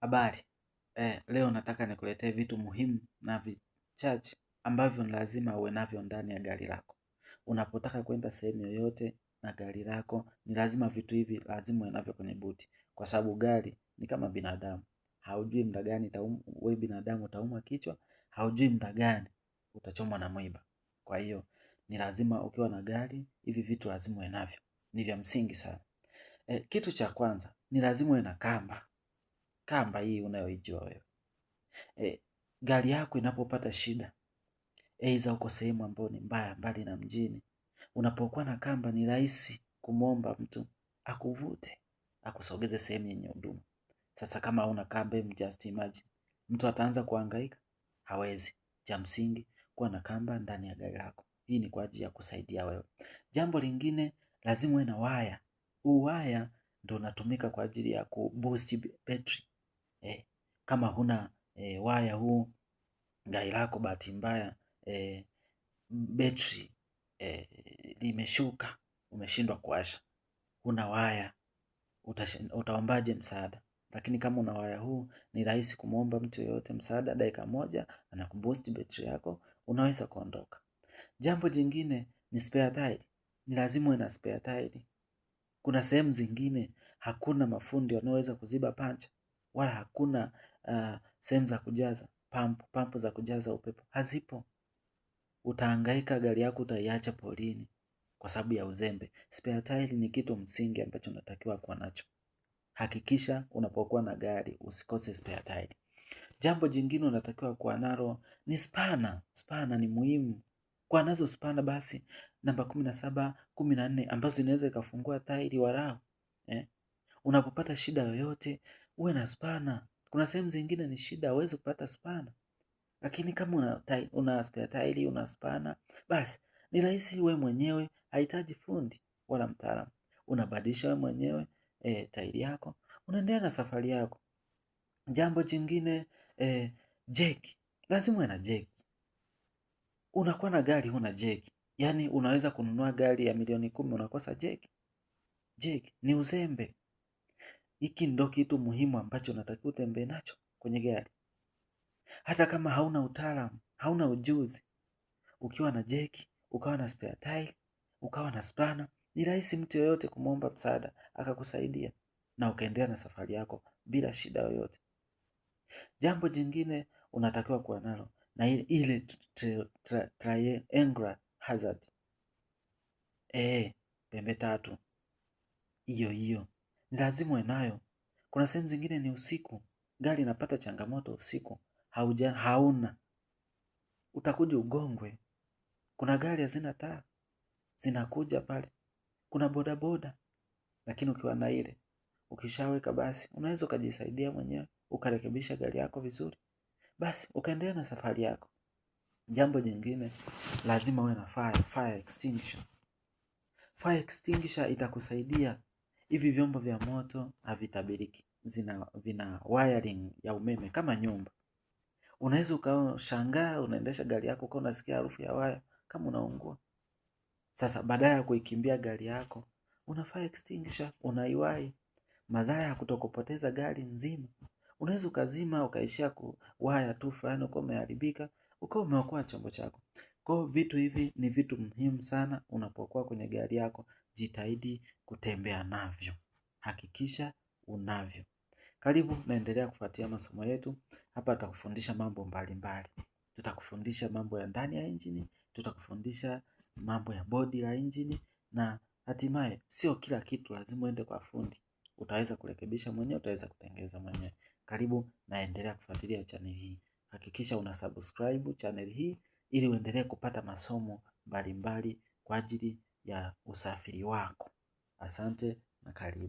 Habari eh, leo nataka nikuletee vitu muhimu na vichache ambavyo ni lazima uwe navyo ndani ya gari lako. Unapotaka kwenda sehemu yoyote na gari lako, ni lazima vitu hivi lazima uwe navyo kwenye buti, kwa sababu gari ni kama binadamu. Haujui muda gani wewe binadamu utaumwa kichwa, haujui muda gani utachomwa na mwiba. Kwa hiyo ni lazima ukiwa na gari, hivi vitu lazima uwe navyo, ni vya msingi sana. Eh, kitu cha kwanza ni lazima uwe na kamba kamba hii unayoijua wewe. E, gari yako inapopata shida, eiza uko sehemu ambayo ni mbaya, mbali na mjini, unapokuwa na kamba ni rahisi kumwomba mtu akuvute akusogeze sehemu yenye huduma. Sasa kama una kamba, just imagine mtu ataanza kuhangaika, hawezi. Cha msingi kuwa na kamba ndani ya gari lako. Hii ni kwa ajili ya kusaidia wewe. Jambo lingine, lazima uwe na waya. Huu waya ndio unatumika kwa ajili ya kuboost battery eh, kama huna eh, waya huu gari lako bahati mbaya eh, betri eh, limeshuka umeshindwa kuwasha, huna waya, utaombaje msaada? Lakini kama una waya huu, ni rahisi kumwomba mtu yeyote msaada, dakika moja anakuboost betri yako, unaweza kuondoka. Jambo jingine ni spare tire. Ni lazima uwe na spare tire. Kuna sehemu zingine hakuna mafundi wanaoweza kuziba pancha, wala hakuna uh, sehemu za kujaza pampu, pampu za kujaza upepo hazipo. Utahangaika, gari yako utaiacha polini kwa sababu ya uzembe. Spare tire ni kitu msingi ambacho unatakiwa kuwa nacho. Hakikisha unapokuwa na gari usikose spare tire. Jambo jingine unatakiwa kuwa nalo ni spana. Spana ni muhimu, kwa nazo spana basi namba kumi na saba kumi na nne ambazo inaweza ikafungua tairi warau eh. Unapopata shida yoyote uwe na spana. Kuna sehemu zingine ni shida, huwezi kupata spana, lakini kama una, una spare tairi, una spana, basi ni rahisi wewe mwenyewe, hahitaji fundi wala mtaalamu. Unabadilisha we mwenyewe eh, e, tairi yako, unaendelea na safari yako. Jambo jingine e, jeki, lazima uwe na jeki. Unakuwa na gari huna jeki, yaani unaweza kununua gari ya milioni kumi unakosa jeki. Jeki ni uzembe. Hiki ndo kitu muhimu ambacho unatakiwa utembee nacho kwenye gari. Hata kama hauna utaalamu, hauna ujuzi, ukiwa na jeki, ukawa na spare tire, ukawa na spana, ni rahisi mtu yoyote kumwomba msaada akakusaidia na ukaendelea na safari yako bila shida yoyote. Jambo jingine unatakiwa kuwa nalo na ile triangular hazard, eh, pembe tatu hiyo hiyo ni lazima uwe nayo. Kuna sehemu zingine ni usiku, gari inapata changamoto usiku, hauja hauna, utakuja ugongwe. Kuna gari hazina taa zinakuja pale, kuna bodaboda. Lakini ukiwa na ile ukishaweka, basi unaweza ukajisaidia mwenyewe ukarekebisha gari yako vizuri, basi ukaendelea na safari yako. Jambo jingine lazima uwe na fire, fire extinguisher. Fire extinguisher itakusaidia hivi vyombo vya moto havitabiriki, zina vina wiring ya umeme kama nyumba. Unaweza ukashangaa unaendesha gari yako kwa unasikia harufu ya waya kama unaungua. Sasa badala ya kuikimbia gari yako una fire extinguisher, unaiwai. Madhara ya kutokupoteza gari nzima, unaweza ukazima ukaishia kuwaya tu fulani ukawa umeharibika, ukawa umeokoa chombo chako. Kwa vitu hivi ni vitu muhimu sana unapokuwa kwenye gari yako jitahidi kutembea navyo. Hakikisha unavyo. Karibu naendelea kufuatia masomo yetu. Hapa tutakufundisha mambo mbalimbali. Tutakufundisha mambo ya ndani ya injini. Tutakufundisha mambo ya bodi la injini. Na hatimaye sio kila kitu lazima uende kwa fundi. Utaweza kurekebisha mwenyewe, utaweza kutengeneza mwenyewe. Karibu naendelea kufuatilia channel hii. Hakikisha una subscribe channel hii ili uendelee kupata masomo mbalimbali kwa ajili ya usafiri wako. Asante na karibu.